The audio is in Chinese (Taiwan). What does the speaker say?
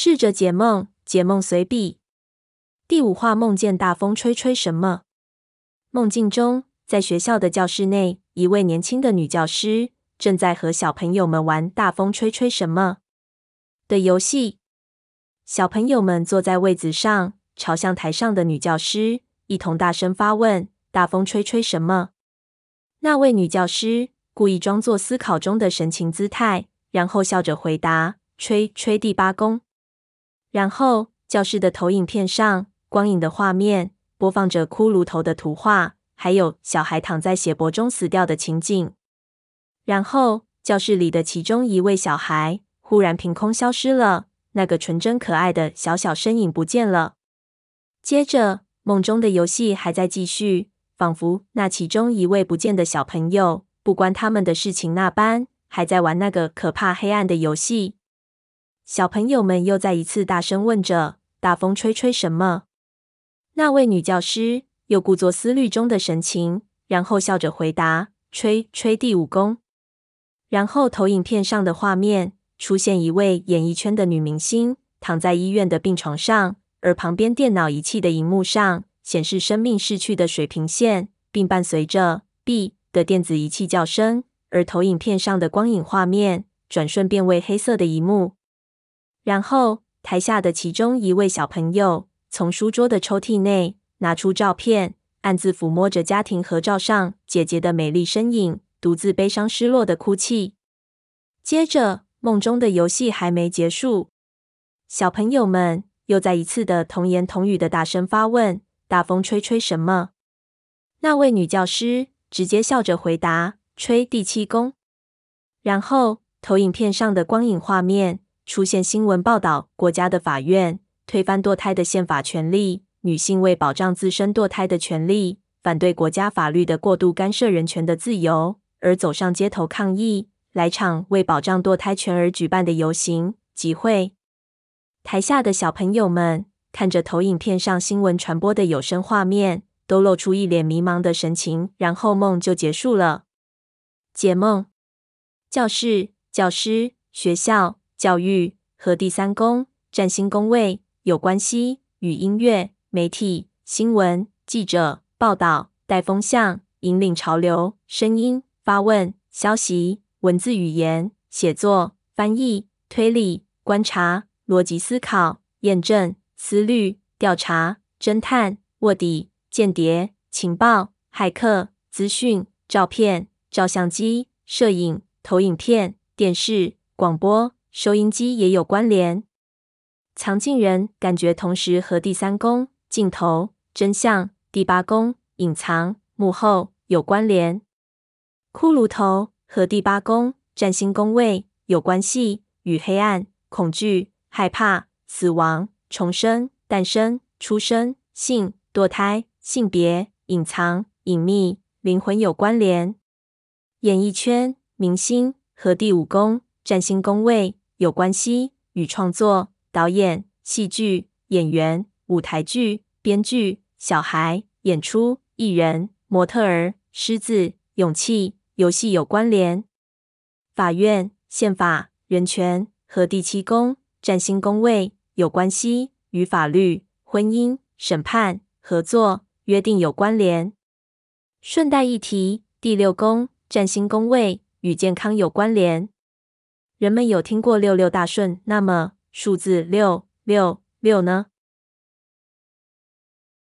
試着解夢，解夢隨筆第五話：夢見大風吹吹什麼？夢境中，在學校的教室內，一位年輕的女教師正在和小朋友們玩“大風吹吹什麼”的遊戲。小朋友們坐在位子上，朝向台上的女教師，一同大聲發問：“大風吹吹什麼？”那位女教師故意裝作思考中的神情姿態，然後笑着回答：“吹吹第八宮。”然後，教室的投影片上，光影的畫面播放着骷髏頭的圖畫，還有小孩躺在血泊中死掉的情景。然後，教室裡的其中一位小孩忽然憑空消失了，那個純真可愛的小小身影不見了。接着，夢中的遊戲還在繼續，仿佛那其中一位不見的小朋友不關他們的事情那般，還在玩那個可怕黑暗的遊戲。小朋友們又再一次大聲問着：“大風吹吹什麼？”那位女教師又故作思慮中的神情，然後笑着回答：“吹吹第五宮。”然後投影片上的畫面出現一位演藝圈的女明星躺在醫院的病床上，而旁邊電腦儀器的熒幕上顯示生命逝去的水平線，並伴隨着 B 的電子儀器叫聲，而投影片上的光影畫面轉瞬變為黑色的一幕。然後，台下的其中一位小朋友，從書桌的抽屜內拿出照片，暗自撫摸着家庭合照上姐姐的美麗身影，獨自悲傷失落的哭泣。接着，夢中的遊戲還沒結束，小朋友們又再一次的童言童語的大聲發問：“大風吹吹什麼？”那位女教師直接笑着回答：“吹第七宮。”然後，投影片上的光影畫面。出現新聞報道，國家的法院推翻墮胎的憲法權利，女性為保障自身墮胎的權利，反對國家法律的過度干涉人權的自由，而走上街頭抗議，來場為保障墮胎權而舉辦的遊行、集會。台下的小朋友們看着投影片上新聞傳播的有聲畫面，都露出一臉迷茫的神情，然後夢就結束了。解夢：教室、教師、學校。教育和第三宮占星宮位有關係，與音樂、媒體、新聞、記者、報道、帶風向，引領潮流，聲音、發問、消息、文字語言、寫作、翻譯、推理、觀察、邏輯思考、驗證、思慮、調查、偵探、臥底、間諜、情報、駭客、資訊、照片、照相機、攝影、投影片、電視、廣播。收音機也有關聯。藏鏡人感覺同時和第三宮鏡頭、真相、第八宮隱藏、幕後有關聯。骷髏頭和第八宮占星宮位有關係，與黑暗、恐懼、害怕、死亡、重生、誕生、出生、性、墮胎、性別、隱藏、隱祕、靈魂有關聯。演藝圈明星和第五宮占星宮位。有關係，與創作、導演、戲劇、演員、舞台劇、編劇、小孩、演出、藝人、模特兒、獅子、勇氣、遊戲有關聯。法院、憲法、人權和第七宮占星宮位有關係，與法律、婚姻、審判、合作、約定有關聯。順帶一提，第六宮占星宮位與健康有關聯。人們有聽過“六六大順”，那麼，數字“六六六”呢？